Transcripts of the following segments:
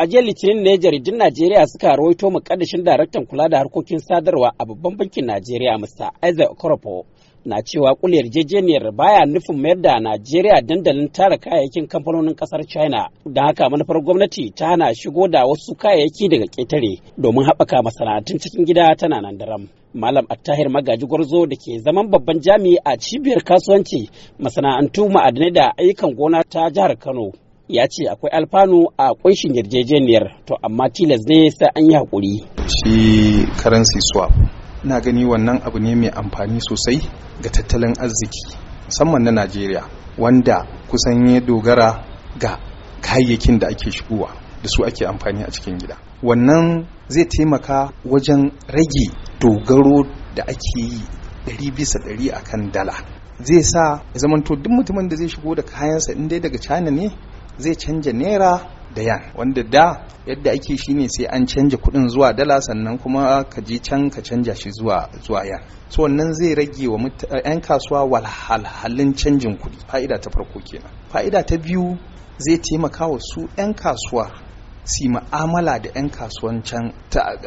A jiya Litinin ne jaridun Najeriya suka rawaito makaddashin daraktan kula da harkokin sadarwa a babban bankin Najeriya Mr. Isaac Okorofo na cewa kula yarjejeniyar baya nufin mayar da Najeriya dandalin tara kayayyakin kamfanonin kasar China. Don haka manufar gwamnati ta hana shigo da wasu kayayyaki daga ketare domin haɓaka masana'antun cikin gida tana nan daram. Malam Attahir Magaji Gwarzo da ke zaman babban jami'i a cibiyar kasuwanci masana'antu ma'adanai da ayyukan gona ta jihar Kano ya ce akwai alfanu a kunshin yarjejeniyar to amma tilas ne sa an yi hakuri shi currency swap na gani wannan abu ne mai amfani sosai ga tattalin arziki musamman na najeriya wanda kusan ya dogara ga kayayyakin da ake shigowa da su ake amfani a cikin gida wannan zai taimaka wajen rage dogaro da ake yi ɗari bisa ɗari akan dala zai sa ya zamanto duk mutumin da zai shigo da kayansa in dai daga china ne zai canja naira da yan wanda da yadda ake ne sai an canja kuɗin zuwa dala sannan kuma ka je can ka canja shi zuwa zuwa yan so wannan zai rage wa eh, 'yan kasuwa walhalhalin canjin kuɗi fa'ida ta farko kenan fa'ida ta biyu zai taimaka wa su 'yan kasuwa si ma'amala da 'yan kasuwan can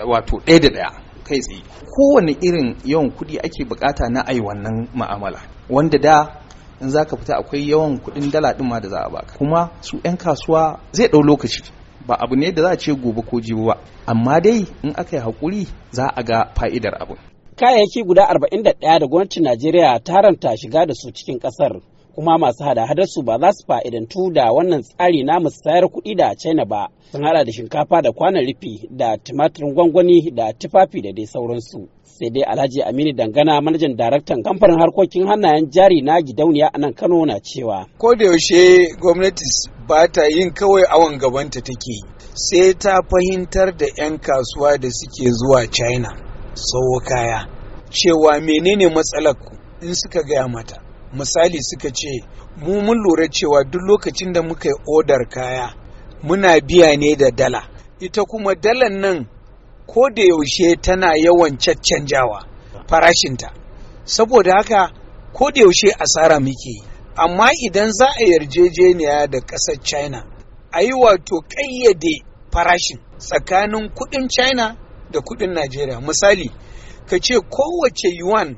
wato ɗaya da ɗaya kai tsaye kowane irin yawan kuɗi ake bukata na ai wannan ma'amala wanda da in za ka fita akwai yawan kuɗin dala ɗin ma da za a baka kuma su 'yan kasuwa zai ɗau lokaci ba abu ne da za a ce gobe ko jibi ba amma dai in aka yi haƙuri za a ga fa'idar abu kayayyaki guda 41 da gwamnatin najeriya ta ranta shiga da su cikin ƙasar kuma masu hada su ba za su fa'idantu da wannan tsari na musayar kuɗi da china ba sun hada da shinkafa da kwanan rufi da tumatirin gwangwani da tufafi da dai sauransu sai dai alhaji aminu dangana manajan daraktan kamfanin harkokin hannayen jari na gidauniya a nan kano na cewa ko da yaushe gwamnati ba ta yin kawai awon gabanta take sai ta fahimtar da 'yan kasuwa da suke zuwa china sau kaya cewa menene matsalar in suka gaya mata misali suka ce mu mun lura cewa duk lokacin da muka yi odar kaya muna biya ne da dala ita kuma dalan nan ko da yaushe tana yawan caccanjawa farashinta saboda haka ko da yaushe asara muke amma idan za a yarjejeniya da ƙasar china a yi wato ƙayyade farashin tsakanin kuɗin china da kuɗin najeriya misali ka ce kowace yuan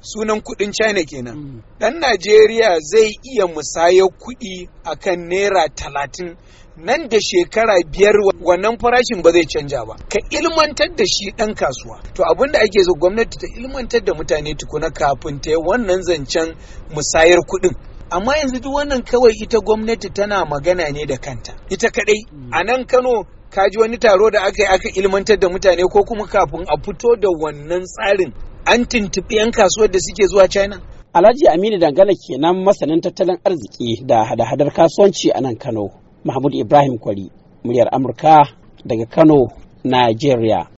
sunan kudin china kenan mm. dan najeriya zai iya musayar kudi akan naira talatin nan da shekara biyar wannan farashin ba zai canja ba ka ilmantar da shi ɗan kasuwa to abin da ake so gwamnati ta ilmantar da mutane tukuna kafin ta yi wannan zancen musayar kuɗin amma yanzu duk wannan kawai ita gwamnati tana magana ne da kanta ita kadai mm. a nan kano ka ji wani taro da aka yi aka ilmantar da mutane ko kuma kafin a fito da wannan tsarin an tuntuɓi 'yan kasuwar da suke zuwa china alhaji aminu dangana kenan masanin tattalin arziki da hada-hadar kasuwanci a nan kano mahmud ibrahim kwari muryar amurka daga kano nigeria